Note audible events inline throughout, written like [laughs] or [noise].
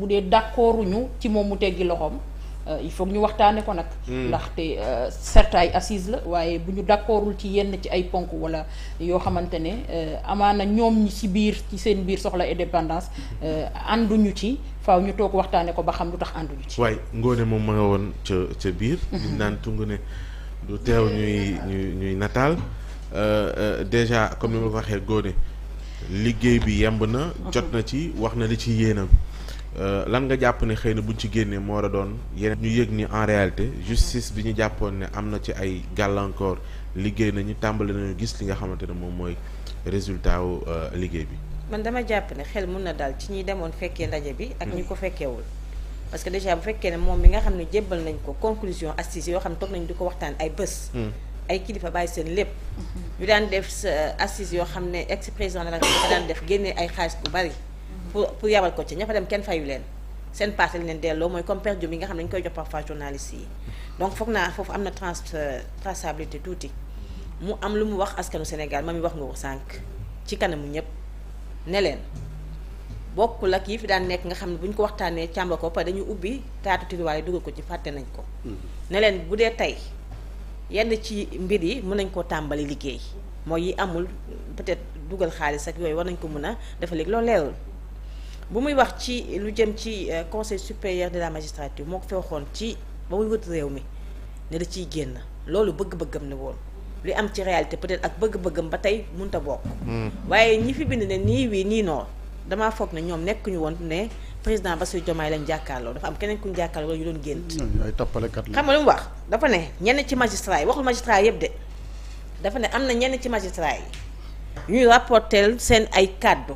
bu dee d'accorduñu ci moom mu teggi loxoom euh, il foog ñu waxtaane ko nag hmm. ndax te euh, ay assise la waaye bu ñu d'accordul ci yenn ci ay ponk wala yoo xamante ne euh, amaana ñoom ñi ci biir ci seen biir soxla indépendance ànduñu ci faw ñu toog waxtaane ko ba xam lu tax ànduñu ci waaye ngoone moom ma nga woon ca ca biir hmm. liñ naan tungu ne du teew ñuy nataal déjà comme ni ma ko waxee góone liggéey bi yemb na jot hmm. na ci wax na li ci yéenam Euh, lan nga jàpp ne xëy na buñ ci génnee moo war a doon yeneen ñu yëg ni en réalité justice bi ñu jàppoon ne am na ci ay gàllankoor liggéey nañu tàmbali nañu gis li nga xamante ne moom mooy résultat wu euh, liggéey bi. man dama jàpp ne xel mun na daal ci ñi demoon fekkee ndaje bi. ak ñu mm-hmm. ko fekkeewul. parce que déjà bu fekkee ne moom bi nga xam ne jébbal nañ ko conclusion assises yoo xam ne toog nañu di ko waxtaan ay bés. Mm. ay kilifa bàyyi seen lépp. Mm-hmm. ñu daan def sa euh, assises yoo xam ne ex la daan def génnee ay xaalis bu bari. pour pour yabal ko ci ña fa dem kenn fayu leen seen paase leen delloo mooy comme per diem nga xam ne dañu koy jox parfois journaliste yi donc foog naa foofu am na trans euh, traçabilité tuuti mu am lu mu wax askanu Sénégal moom mi wax nga ko sànq ci kanamu ñëpp ne leen bokkul ak yi fi daan nekk nga xam ne bu ñu ko waxtaanee càmba ko pare dañu ubbi taatu tiriwaay dugal ko ci fàtte nañ ko. Mm-hmm. ne leen bu dee tey yenn ci mbir yi mën nañ koo tàmbali liggéey mooy yi amul peut-être dugal xaalis ak yooyu war nañ ko mën a dafa léegi loolu bu muy wax ci lu jëm ci euh, conseil supérieur de la magistrature moo ko fi waxoon ci ba muy wut réew mi ne da ciy génn loolu bëgg-bëggam ne woon lu am ci réalité peut-être ak bëgg-bëggam ba tey mënut a bokk. Hmm. waaye ñi fi bind ne nii wii nii noonu damaa foog ne ñoom nekk ñu woon ne président Bassirou Diomaye lañ jàkkaarloo dafa am keneen ku ñu jàkkaarloo wala ñu doon gént. Hmm, ay toppalekat la xam nga lu mu wax dafa ne ñenn ci magistrat yi waxul magistrat yëpp de dafa ne am na ñenn ci magistrat yi ñuy rapporter seen ay kàddu.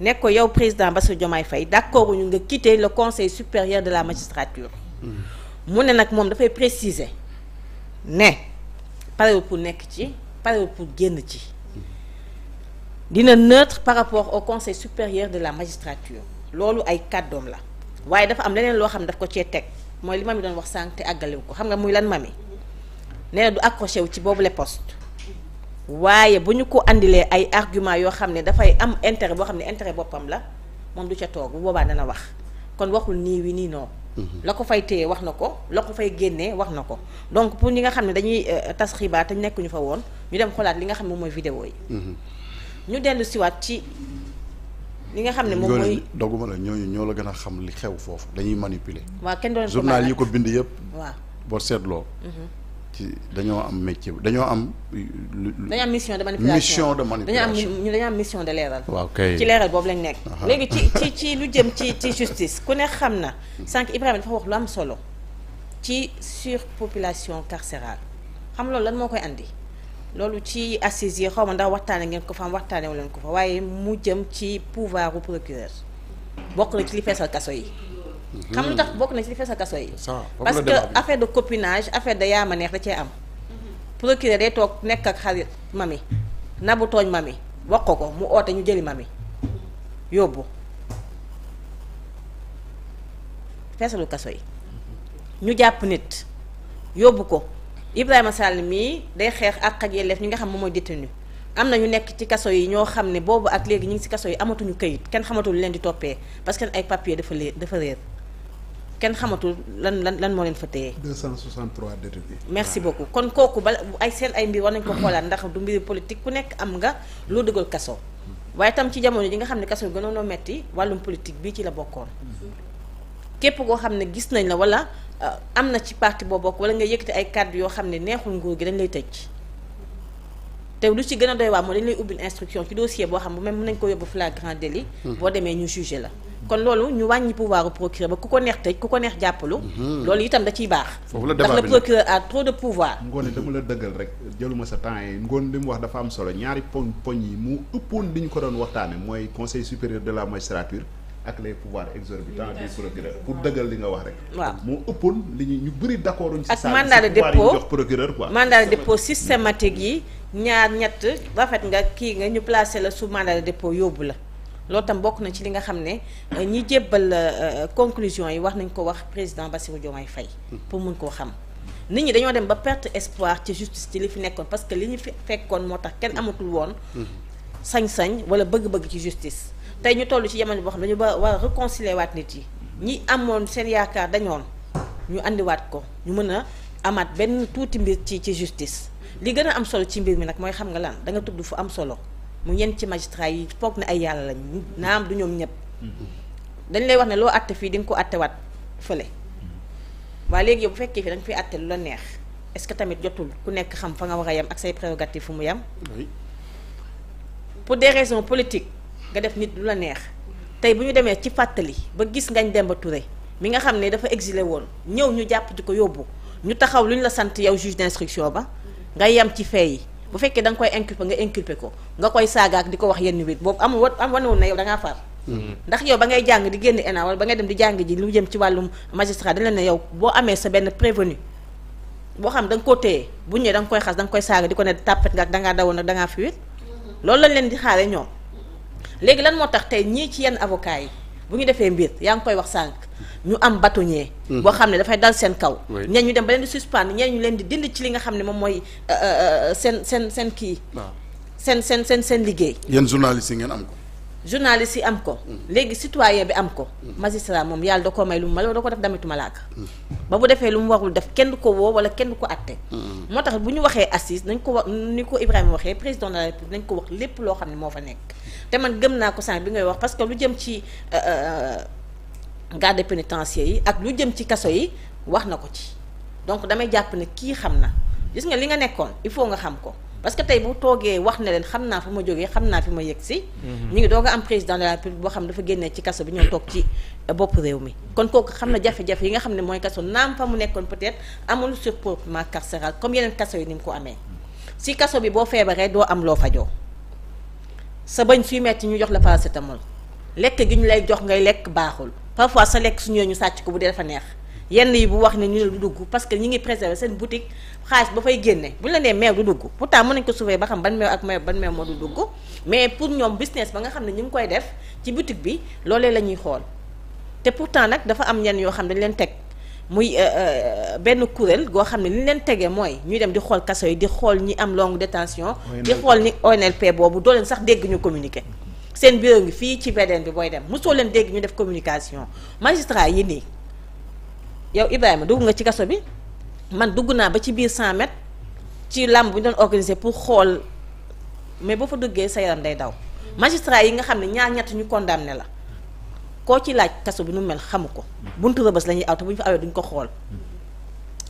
nekk ko yow président Bassirou Diomaye Faye d'accord ñu nga quitter le conseil supérieur de la magistrature. Mm-hmm. mu ne nag moom dafay préciser ne parewul pour nekk ci parewul pour génn ci mm-hmm. dina neutre par rapport au conseil supérieur de la magistrature loolu ay kàddoom la waaye dafa am leneen loo xam ne daf ko cee teg mooy li ma mi doon wax sànq àggalewu ko xam nga muy lan ma mi na du accroché wu ci boobu le poste. waaye bu ñu ko indilee ay argument yoo xam ne dafay am intérêt boo xam ne intérêt boppam la moom du ca toog bu boobaa dana wax kon waxul nii wi nii non. Mhm. la ko fay téye wax na ko la ko fay génnee wax na ko donc pour ñi nga xam ne dañuy euh, tas xibaar nekkuñu fa woon ñu dem xoolaat li nga xam moom mooy vidéo mhm. ñu dellu siwaat ci li nga xam ne moom mooy. doguma la ñooñu ñoo la gën a xam li xew foofu dañuy manipuler. waa kenn doon journal yi ko bind yëpp. waaw boo seetloo. Mhm. ci dañoo am métier dañoo am. dañoo am mission de manipulation mission de manipulation dañoo am dañoo am mission de leeral. waaw kay ci leeral boobu lañ nekk. léegi ci ci ci lu jëm ci ci justice ku ne xam na sànq Ibrahima dafa wax lu am solo ci surpopulation carcérale xam loolu lan moo koy indi loolu ci assises yi xaw ma ndax waxtaane ngeen ko fa am waxtaane wu leen ko fa waaye mu jëm ci pouvoir u procureur bokk na ci li feesal kaso yi. Mhm. xam lu tax bokk na ci li kaso yi. parce que affaire de copinage affaire de yaama neex da cee am. procureur day toog nekk ak xarit mami nabu tooñ ma wax ko ko mu oote ñu jëli mami yóbbu feesalu kaso yi ñu jàpp nit yóbbu ko Ibrahima sàll mii day xeex ak ak yelleef ñi nga xam moom mooy détenu am na ñu nekk ci kaso yi ñoo xam ne boobu ak léegi ñu ngi ci kaso yi amatuñu kayit kenn xamatul leen di toppee parce que ay papier dafa lée dafa réer. kenn xamatul lan lan lan moo leen fa téye. 263 détenus. merci beaucoup kon kooku ba ay seen ay mbir war nañ ko xoolaat ndax du mbiri politique ku nekk am nga loo dëggal kaso. waaye tam ci jamono ji nga xam ne kaso gënoon a metti wàllum politique bii ci la bokkoon. képp koo xam ne gis nañ la wala euh, am na ci parti boo bokk wala nga yëkkati ay kàddu yoo xam ne neexul nguur gi dañ lay tëj. te lu ci gën a doy waar moo dañ lay ubbil instruction ci dossier boo xam bu même mën nañ ko yóbbu flagrant délit. Hmm. boo demee ñu jugé la. kon loolu ñu wàññi pouvoir u procureur ba ku ko neex tëj ku ko neex jàppalu mhm. loolu itam da ciy baax ndax le procureur a trop de pouvoir ngoon dama la dëggal rek jëluma sa temps yi ngoon mu wax dafa am solo ñaari poñ poñ yi mu ëppoon li ñu ko doon waxtaane mooy conseil supérieur de la magistrature ak les pouvoirs exorbitants du procureur pour li nga wax rek. waaw moo ëppoon li ñu ñu bëri d'accord uñ si ak mandat de dépôt jox procureur quoi mandat de dépôt systématique yi ñaar ñett rafet nga kii nga ñu placé la sous mandat de dépôt yóbbu la loolu tam bokk na ci li nga xam ne euh, ñi jébbal euh, euh, conclusion yi wax nañ ko wax président Bassirou Diomaye Faye pour mun koo xam nit ñi dañoo dem ba perte espoir ci justice ci li fi nekkoon parce que li ñu fi fekkoon moo tax kenn amatul woon sañ-sañ wala bëgg-bëgg ci justice tey ñu toll ci jamono boo xam dañu ba war a réconcilier waat nit yi ñi amoon seen yaakaar dañoon ñu indiwaat ko ñu mën a amaat benn tuuti mbir ci ci justice li gën a am solo ci mbir mi nag mooy xam nga lan da nga tudd fu am solo mu yenn ci magistrat yi foog ne ay yàlla lañu am du ñoom ñëpp. dañ lay wax ne loo àtte fii di nga ko àttewaat fële. waaye léegi yow bu fekkee fii da nga fiy àtte lu la neex est-ce que tamit jotul ku nekk xam fa nga war a yem ak say prérogatives fu mu yem. pour des raisons politiques nga def nit lu la neex. tey bu ñu demee ci fàttali ba gis Ngagne Demba Touré mi nga xam ne dafa exilé woon ñëw ñu jàpp di ko yóbbu ñu taxaw lu ñu la sant yow juge d'instruction ba nga yem ci fee yi bu fekkee danga koy inculper nga inculper ko nga koy saagaak di ko wax yenn wéet boobu amul wa am wanewul ne yow da far mm-hmm. ndax yow ba ngay jàng di génn ENA wala ba ngay dem di jàng ji lu jëm ci wàllum magistrat dañ leen ne yow boo amee sa benn prévenu boo xam da nga koo téye bu ñu da nga koy xas da nga koy saaga di ko ne tàppet nga ak dangaa dawoon ak dangaa fuite mm-hmm. loolu lañ leen di xaare ñoom léegi lan moo tax tey ñii ci yenn avocat yi bu ñu defee mbir yaa ngi koy wax sànq ñu am bâtonnier mhm. boo xam ne dafay dal seen kaw ñeen ñu dem ba leen di suspendre ñeen ñu leen di dind ci li nga xam ne moom mooy euh, euh, euh, seen seen seen kii seen seen seen seen liggéey yéen journaliste yi ngeen am ko journaliste yi am ko léegi citoyen bi am ko magistrat moom yàlla da koo may lu mu mal da ko def damitu malaaka ba bu defee lu mu warul def kenn du ko woo wala kenn du ko atte moo tax bu ñu waxee assise nañ ko wax ni ko Ibrahima waxee président na la République nañ ko wax lépp loo xam ne moo fa nekk te man gëm naa ko sànq bi ngay wax parce que lu jëm ci euh, euh, garde pénitentiaire yi ak lu jëm ci kaso yi wax na ko ci donc damay jàpp ne kii xam na gis nga li nga nekkoon il faut nga xam ko parce que tey bu toogee wax na leen xam naa fu ma jógee xam naa fi ma yegg si. Mhm. ñu ngi doog a am président de la République boo xam ne dafa génnee ci kaso bi ñoo toog ci euh, bopp réew mi. kon kooku xam na jafe-jafe yi nga xam ne mooy kaso naam fa mu nekkoon peut-être amul surpeuplement carcéral comme yeneen kaso yi ni mu ko amee si kaso bi boo feebaree doo am loo fajoo sa bañ suy metti ñu jox la paracétamol lekk gi ñu lay jox ngay lekk baaxul parfois sa lekk su ñëwee ñu sàcc ko bu dee dafa neex. yenn yi bu wax ne ñu ne du dugg parce que ñi ngi préserver seen boutique xaalis ba fay génne bu ñu la nee meew du dugg pourtant mën nañ ko sauver ba xam ban meew moo du mais pour ñoom business ba nga xam ne ñu ngi koy def ci boutique bi loolee la ñuy xool te temps nag dafa am yenn yoo xam ne dañ leen teg muy euh, euh, benn kuréel goo xam ne li leen tegee mooy ñuy dem di xool kaso yi di xool ñi am longue détention di xool ni ONLP boobu doo leen sax dégg ñu communiqué seen bureau ngi fii ci VDN bi booy dem mosoo leen dégg ñu def communication magistrat yi nii yow Ibrahima dugg nga ci kaso bi man dugg naa ba ci biir 100 mètres ci làmb bu ñu doon organiser pour xool mais boo fa duggee sa yaram day daw. magistrat yi nga xam ne ñaar ñett ñu condamné la koo ci laaj kaso bi nu mel xamu ko buntu rëbës la ñuy aw te bu ñu fa awee duñ ko xool.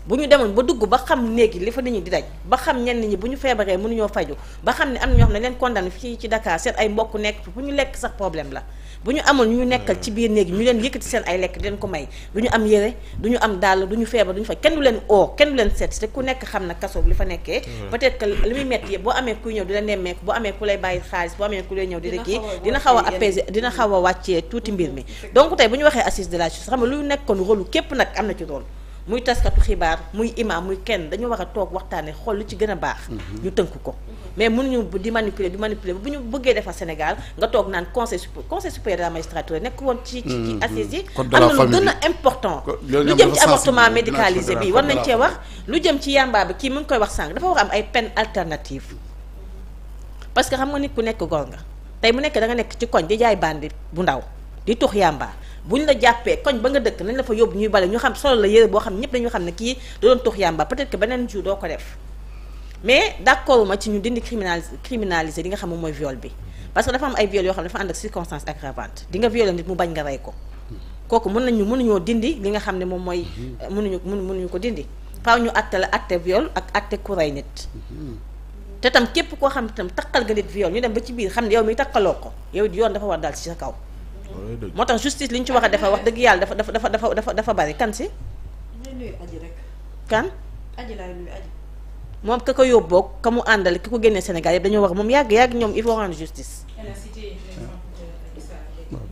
bu ñu demoon ba dugg ba xam néegi li fa nit ñi di daj ba xam ñenn ñi bu ñu feebaree mënuñoo faju ba xam ne am na ñoo xam ne leen condamné fii ci Dakar seen ay mbokk nekk fu ñu lekk sax problème la bu ñu amoon ñu nekkal ci biir néegi ñu leen yëkkati seen ay lekk di leen ko may du ñu am yére du ñu am dàll du ñu feebar du ñu faj kenn du leen oo kenn du leen seet te ku nekk xam na kaso li fa nekkee peut-être que li muy metti yëpp boo amee kuy ñëw di la nemmeeku boo amee ku lay bàyyi xaalis boo amee ku lay ñëw di la kii dina xaw a apaiser dina xaw a wàccee tuuti mbir mi donc tey bu ñu waxee assise de la justice xam nga lu nekkoon rôle képp nag am na ci rôle muy taskatu xibaar muy imam muy kenn dañu wax a toog waxtaane xool lu ci gën a baax mhm. ñu tënk ko mais mënuñu di manipuler di manipulé bu ñu bëggee defar Sénégal nga toog naan conseil supérieur conseil supérieur de la magistrature nekk woon ci ci ci mhm. assises yi am na lu gën a important lu jëm ci avortement médicalisé bi war nañ cee wax lu jëm ci yàmbaa bi kii mu ngi koy wax sànq dafa war am ay peine alternative parce que xam nga nit ku nekk góor nga tey mu nekk da nekk ci koñ di jaay bandi bu ndaw di tux yàmbaa bu ñu la jàppee koñ ba nga dëkk nañ la fa yóbbu ñuy bale ñu xam solo la yére boo xam ñëpp dañu xam ne kii da doon tux yàmba peut-être beneen jour doo ko def mais d'accord ma ci ñu dindi criminaliser criminaliser li nga xam moom mooy viol bi parce que dafa am ay viol yoo xam ne dafa ànd ak circonstance aggravante di nga violé nit mën nañu dindi li nga xam ne moom mooy mënuñu mënuñu ko dindi faaw ñu atte la atte viol ak atte ku rey nit te tam képp koo xam ne tam takkal nga nit viol ñu dem ba ci biir xam ne yow mi takkaloo ko yow it yoon dafa war daal ci sa kaw moo tax justice li ñu ci wax a defar wax dëgg yàlla dafa dafa dafa dafa dafa bari kan si. kan. moom ka ko yóbboo ka mu àndal ki ko génnee Sénégal yëpp dañoo wax moom yàgg yàgg ñoom il faut rendre justice. Euh,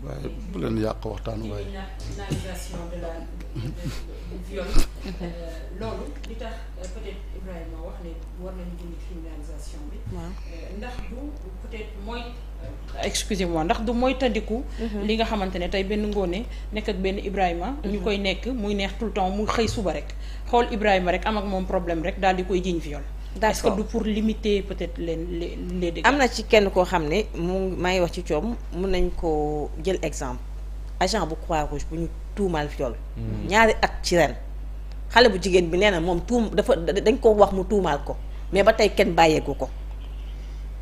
waaye bu leen yàq waxtaan waaye. [laughs] Euh, loolu li tax euh, peut-être Ibrahima wax ne excusez-moi ndax du mooy tandiku mhm. li nga xamante ne tey benn ngoone nekk ak benn Ibrahima. Mhm. ñu koy nekk muy neex tout le temps mu xëy suba rek xool Ibrahima rek am ak moom problème rek daal di koy jiñ viol. d'accord est-ce que du pour limiter peut-être leen les dégâts. am na ci kenn koo xam ne mu maa ngi wax ci coom mun nañ koo jël exemple agent bu Croix-Rouge bu ñu tuumaal viol. Mhm. ñaari at ci ren xale bu jigéen bi nee na moom tuum dafa dañ koo wax mu tuumaal ko mais ba tey kenn bàyyeegu ko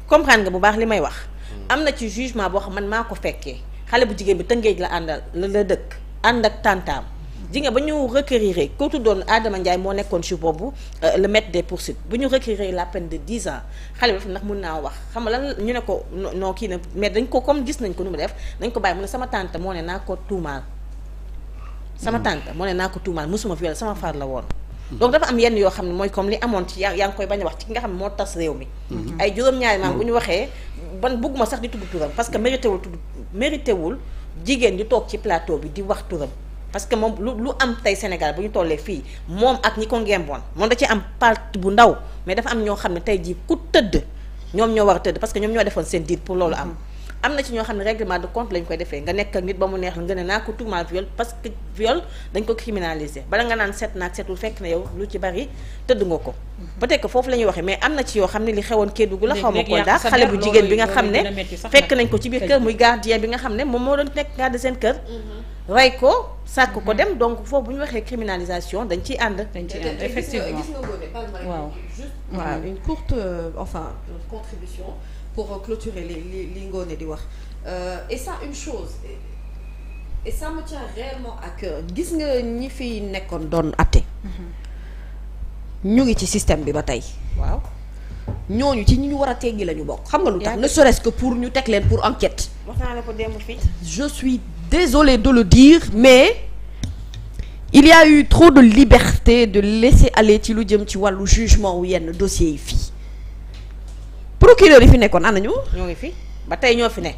comprendre nga bu baax li may wax. Mm. am na ci jugement boo xam man maa ko fekkee xale bu jigéen bi tëngéej la àndal la la dëkk ànd ak tàntaam ji nga ba ñu requérir ko tuddoon aadama Ndiaye moo nekkoon ci boobu euh, le maître des poursuites bu ñu requérir la peine de 10 ans xale ndax mun naa wax xam nga lan ñu ne ko non kii na mais dañ ko comme gis nañ ko nu mu def dañ ko bàyyi mu ne sama tante moo ne naa ko tuumaal sama mm. tante moo ne naa ko tuumaal mosuma viol sama far la woon mm. donc dafa am yenn yoo xam ne mooy comme li amoon ci yaa yaa koy bañ a wax ci ki nga xam ne moo tas réew mi mm-hmm. ay juróom-ñaari maam bu ñu waxee ban bëgguma sax di tudd turam parce que mérité tudd mérité wul jigéen di toog ci plateau bi di wax turam parce que moom lu lu am tey Sénégal bu ñu tollee fii moom ak ñi ko ngemboon moom da ci am part bu ndaw mais dafa am ñoo xam ne tey jii ku tëdd ñoom ñoo war a tëdd parce ñoom ñoo defoon seen diir pour loolu am mm-hmm. am na ci ñoo xam ne règlement de compte lañ koy defee nga nekk ak nit ba mu neex la nga ne naa ko tuumaal viol parce que dañ ko criminaliser bala nga naan set naag setul fekk na yow lu ci bari tëdd ko mm. peut-être foofu la ñuy waxee mais am na ci yoo xam ne li xewoon Kédougou la xaw ma ko bi nga xam ne fekk ko biir kër muy gardien bi moom moo doon nekk garde seen kër mm-hmm. ko sàkk ko mm-hmm. dem donc foofu bu ñu waxee criminalisation dañ ciy ànd dañ ciy ànd effectivement waaw waaw une courte euh, enfin contribution pour clôturer li li li Ngoné di wax euh, et sa une chose et ça me tient réellement à gis nga ñi fi nekkoon doon atte mhm. ñu ngi ci système bi ba tey waaw ñooñu ci ñi ñu war a teggi la ñu bokk xam nga lu tax ne serait-ce que pour ñu teg leen pour enquête wax naa la ko démb fii je suis désolée de le dire mais il y a eu trop de liberté de laisser aller ci lu jëm ci wàllu jugement wu yenn dossiers yi fii procureur yi fi nekkoon ana nañu ñoo ngi fi ba tey ñoo fi nekk.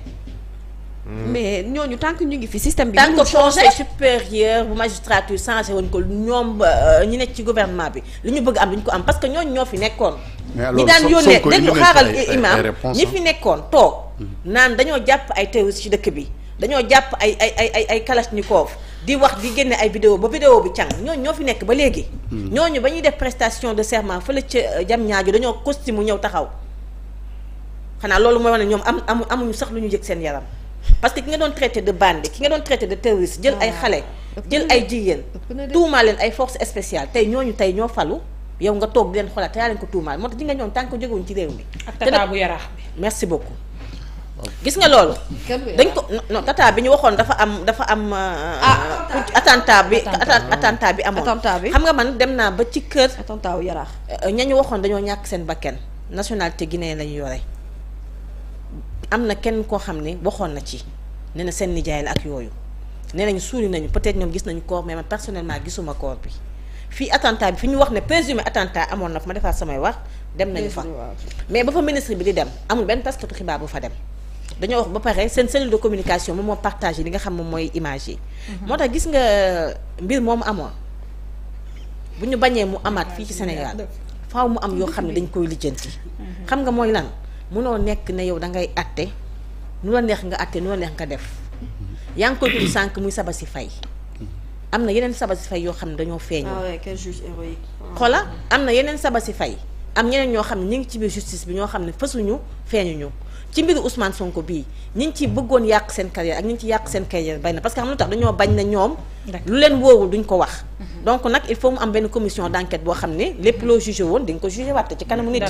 Hmm. mais ñooñu tant que ñu ngi fi système bi. tant que conseil supérieur bu magistrature changé woon ko ñoom euh, ñi nekk ci gouvernement bi li ñu bëgg am duñ ko am parce que ñooñu ñoo fi nekkoon. ñi daan yónnee déglu xaaral imam ñi fi nekkoon toog. Hmm. naan dañoo jàpp ay terroristes dëkk bi dañoo jàpp ay ay ay ay ay kalachnikov di wax di génne ay vidéo ba vidéo bi càng ñooñu ñoo fi nekk ba léegi. Hmm. ñooñu ba ñuy def prestation de serment fële ca jam euh, ji dañoo costume mu ñëw taxaw. xanaa loolu mooy wax ne ñoom am amu amuñu sax lu ñu yëg seen yaram parce que ki nga doon traité de bande ki nga doon traité de terroriste jël ay ah, xale jël ay jigéen tuumaa leen ay forces spéciales tey ñooñu tey ñoo falu yow nga toog di leen xoolaat te yaa leen ko tuumaal moo tax ji nga ñoom tànk jógewuñ ci réew mi ak tata bu yaraax bi merci beaucoup gis nga loolu dañ ko non tata bi ñu waxoon dafa am dafa am euh, ah, attentat bi attentat bi amoon xam nga man dem naa ba ci kër attentat wu yaraax ñañu waxoon dañoo ñàkk seen bakken nationalité guinéen la ñu yore am na kenn koo xam ne waxoon na ci nee na seen nijaay la ak yooyu nee nañu suuli nañu peut-être ñoom gis nañu corps mais man personnellement gisuma corps bi fii attentat bi fi ñu wax ne présumé attentat amoon na ma defaat samay wax dem nañu fa mais ba fa ministre bi di dem amul benn taskatu xibaar bu fa dem dañoo wax ba pare seen cellule de communication moom moo partagé li nga xam moom mooy image yi mhm. moo tax gis nga euh, mbir moomu amoon bu ñu bañee mu amaat fii ci Sénégal faaw mu am yoo xam ne dañ koy lijjanti mhm. xam nga mooy lan munoo nekk na yow da ngay atte nu la neex nga atte nu la neex nga def yaa ngi koy tudd sànq muy Sabassy Faye am na yeneen Sabassy Faye yoo xam ne dañoo feeñoo. ah ouais, quel juge héroïque. Ah. am na yeneen Sabassy Faye am ñeneen ñoo xam ne ñu ngi ci biir justice bi ñoo xam ne fësuñu feeñuñu ci mbiru Ousmane Sonko bii ñu ngi ci bëggoon yàq seen carrière ak ñu ngi ci yàq seen carrière bay na parce que xam lu tax dañoo bañ na ñoom. lu leen woowul duñ ko wax donc nag il faut mu am benn commission d'enquête boo xam ne lépp loo jugé woon di nga ko jugé waat ci kanamu nit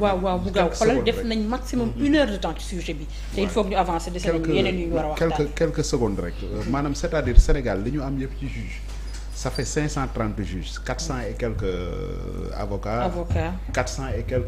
waaw waaw bu gaaw def nañ maximum mm-hmm. une heure de temps ci sujet bi te il faut ñu avancer des nañ a waxtaan quelques quelques secondes rek euh, li ñu am yëpp ci juge ça fait cinq cent trente juges quatre cent et quelques euh, avocats avocats quatre cent et quelques